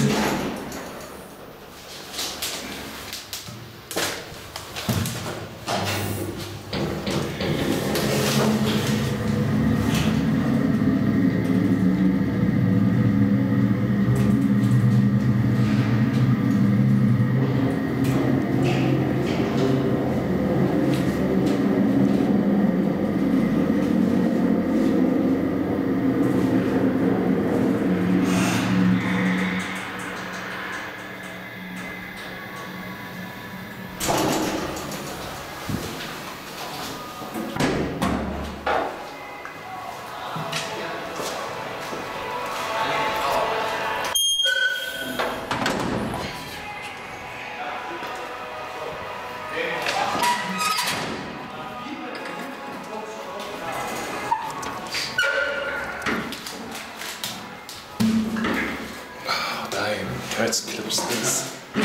Yeah. Let's close this.